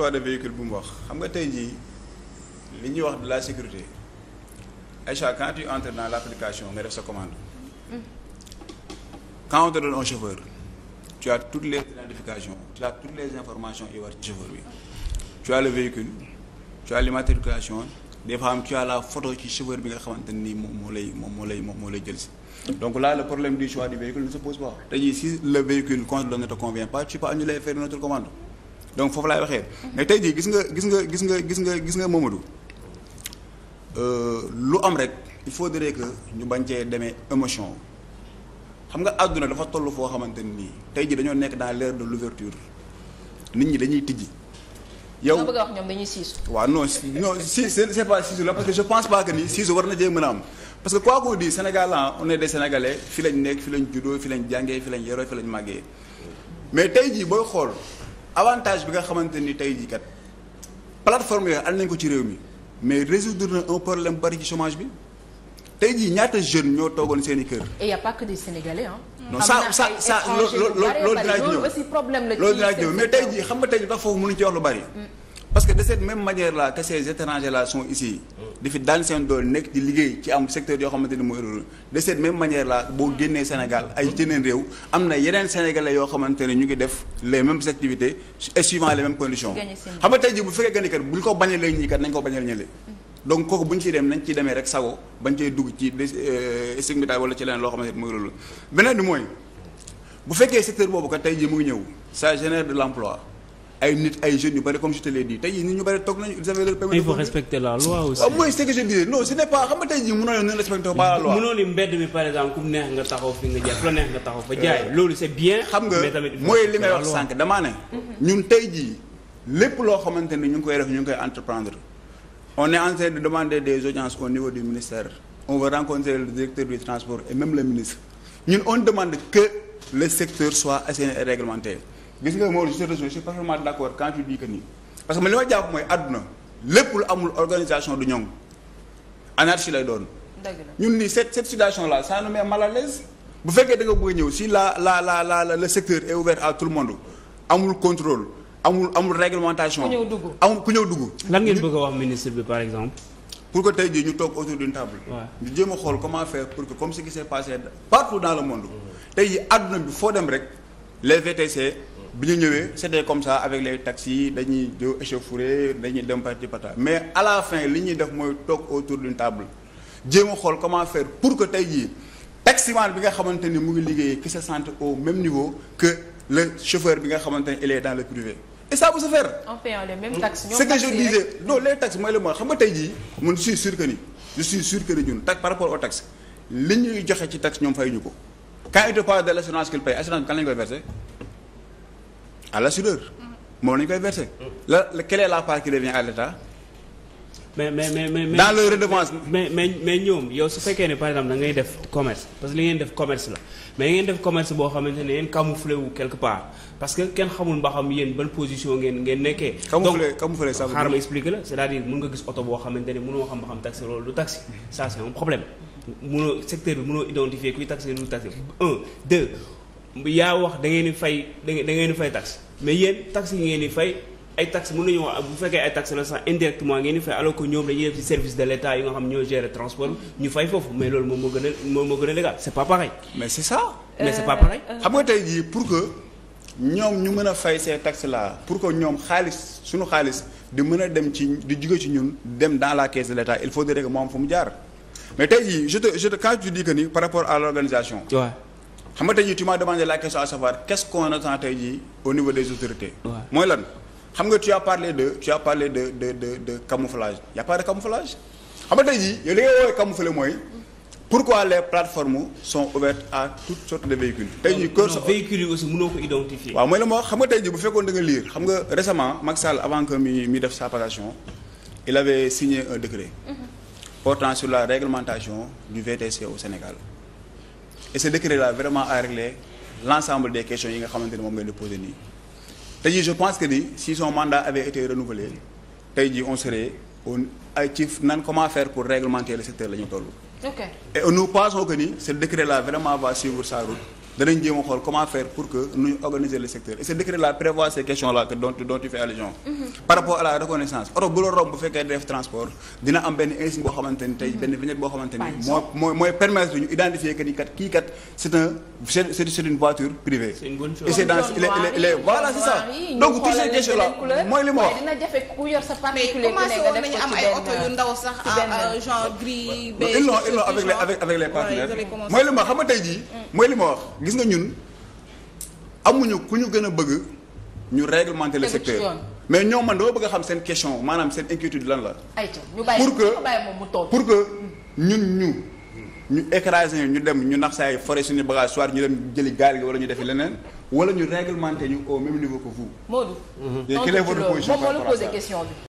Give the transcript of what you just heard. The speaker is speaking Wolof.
toit de véhicule bu mu wax xam nga tey jii li ñuy wax de la sécurité Aïcha quand tu entres dans l' application commande. Mm-hmm. quand on te donne les identifications tu as ci mm-hmm. tu as le véhicule tu as l'immatriculation des fois am tu as la photo ci chauffeur bi nga xamante nii moom moo lay moom moo lay jël si donc là le problème du choix du véhicule ne se pose pas te jii si le véhicule ne te convient pas tu peux annuler et faire une autre commande donc foofu laay waxee mais tey jii gis nga gis nga gis nga gis nga gis nga Mamadou euh, lu am rek il faut faudrait que ñu bañ cee demee émotion xam nga àdduna dafa toll foo xamante nii tey jii dañoo nekk dans l'ère de l'ouverture nit ñi dañuy tijji. yow nga bëgg a wax ñoom dañuy siisu. waaw non non si c'est pas siisu la parce je pense pas que ni siisu war na cee mën a am parce que quoi qu'on dise Sénégal ah on est fi lañ nekk fi lañ juddoo fi lañ jàngee fi lañ yoroo fi lañ màggee mais tey jii booy xool. avantage bi nga xamante ni tey jii kat plateforme yooyu am nañ ko ci réew mi mais résoudre na un problème bari ci chômage bi tey jii ñaata jeune ñoo toogoon seeni kër. et y a pas que des Sénégalais loo non ça ça ça loolu loolu dinaa ci ñëw loolu dinaa ci ñëw mais tey jii xam nga tey jii dafa foofu mënuñ ci wax lu bari. Mm. parce que de cette même manière là que ces étrangers là sont ici di fi daan seen doole nekk di liggéey ci am secteur yoo xamante ni mooy rural de cette même manière là boo génnee Sénégal ay jeneen yeneen sénégalais yoo xamante ne ñu ngi def les mêmes activités et suivant les mêmes tey jii bu fekkee gën a kat bu ñu ko ko bañal ñële mm. donc kooku bu ñu nañ ciy demee rek sago bañ cey dugg ci stigmatisation euh, wala ci loo xamante ni mooy rural beneen bi mooy bu fekkee secteur boobu kat tey jii mu ngi ñëw ça génère de l'emploi ay nit ay jeunes yu bëri comme je te l'ai dit tey jii nit ñu bëri toog nañu ils avaient leur permis. il faut respecter la loi ah, aussi. waaw mooy ce que je disais non ce n'est xam nga tey jii mënoo la loi. mënoo ni mbedd la euh, jaay. loolu c'est bien. xam nga mooy li ngay wax sànq damaa ne. ñun tey jii lépp loo xamante ni ñu ngi koy def ñu ngi koy entreprendre on est en train de demander des audiences au niveau du ministère on va rencontrer le directeur du transport et même le ministre ñun on demande que le secteur soit assaini et gis nga Maodo je te rejoins je suis parfaitement d'accord quand tu dis que nii parce que ñun nii cette cette situation là ça nous met bu fekkee da nga bëgg ñëw si la la la la le secteur est ouvert à tout le monde amul contrôle amul amul réglementation. ku ñëw dugg amul ku ñëw dugg. lan a exemple. pour que tey jii ñu toog autour d'une table. ñu jéem a xool comment faire pour que comme ce qui s'est passé partout dans le monde. Mm-hmm. tey jii àdduna bi foo dem rek. les VTC. bi ñu ñëwee c'était comme ça avec les taxis dañuy jo échauffouré dañuy dem parti pata mais à fin li ñuy def mooy toog autour d'une table jéem a xool comment faire pour que tey jii taximan bi nga xamante ni mu ngi liggéeyee ki se sente au même niveau que le chauffeur bi nga xamante ni il est dans le privé et ça peut se faire. mooy le mooy xam nga tey jii man je suis sûr que ni je suis sûr que ni ñun tax par rapport aux taxes li ñuy joxe ci taxe ñoom fay ñu ko. quand il te parle de la ñu koy verser à l' assureur. Mm-hmm. moom koy verser. Mm-hmm. la quelle mais mais mais ñoom yow su fekkee ne par exemple da ngay def commerce parce que li ngeen def commerce la mais ngeen def commerce boo xamante ne yéen camouflé wu quelque part parce que kenn xamul ba xam yéen position ngeen ngeen nekkee. camouflé camouflé ça ma expliqué la c' à dire mën nga gis oto boo xamante ne mënoo xam ba xam taxi loolu du taxi ça c' est un problème. mënoo secteur bi mënoo identifier kuy taxe lu taxe un deux yaa wax da ngeen di fay da ngeen fay tax mais yéen tax yi ngeen di fay ay tax mën nañu wax bu fekkee ay taxe la sax indirectement ngeen di fay alors service de l'État yi xam ñoo gérer transport ñu fay foofu mais loolu moom moo gën a moom moo gën a légal mais c'est ça mais c'est pas euh, euh, xam nga tey jii pour que ñoom ñu mën a fay ces tax la pour que ñoom xaalis suñu xaalis di mën a dem ci di jóge ci ñun dem dans la caisse de l'État il faudrait que moom fu mu jaar mais tey jii je te je te quand tu dis que ni par rapport à l'organisation organisation. xam nga tey jii tu m'as demandé la question à savoir qu'est-ce qu'on attend tey jii au niveau des autorités. mooy lan xam nga tu as parlé de tu as parlé de de de de camouflage y a pas de camouflage xam nga tey jii yow li ngay woowee camoufler mooy. pourquoi les plateformes sont ouvertes à toutes sortes de véhicules. tey jii kër sa véhicules yi aussi mënoo ko identifier. waaw mooy la moo xam nga tey jii bu fekkoon da nga lire xam nga récemment Macky Sall avant que mi mi def sa passation il avait signé un décret. Mm -hmm. portant sur la réglementation du VTC au Sénégal et ce décret la vraiment a réglé l'ensemble des questions yi nga xamante ne moom ngeen di posé nii tey jii je pense que ni si son mandat avait été renouvelé tey jii on serait on ay ci nan comment faire pour réglementer le secteur la ñu toll. ok et nous pensons que ni ce décret-là vraiment va suivre sa route. danañ jéem a xool comment faire pour que nu organiser le secteur et ce décret là prévoit ces questions là que dont dont tu fais allusion. Mm-hmm. par rapport à la reconnaissance oto bu romb bu fekkee def transport dina am benn insigne boo xamante ni tey benn vignette boo xamante ni. moo mooy mooy permettre ñu identifier que ni kat kii kat c' sa particulier mais commencé woon ma tey jii mooy li ma wax. gis nga ñun amuñu ku ñu gën a bëgg ñu réglementer le secteur mais ñoo man dama bëgg a xam seen question maanaam seen inquiétude lan la. pour que pour que hmm. ñun ñu. ñu écraser ñu dem ñu nax saay forêt suñu bagage soit ñu dem jëli gaal gi wala ñu defi leneen wala ñu réglementer ñu au même niveau que vous. Modou. moom la posé question bi.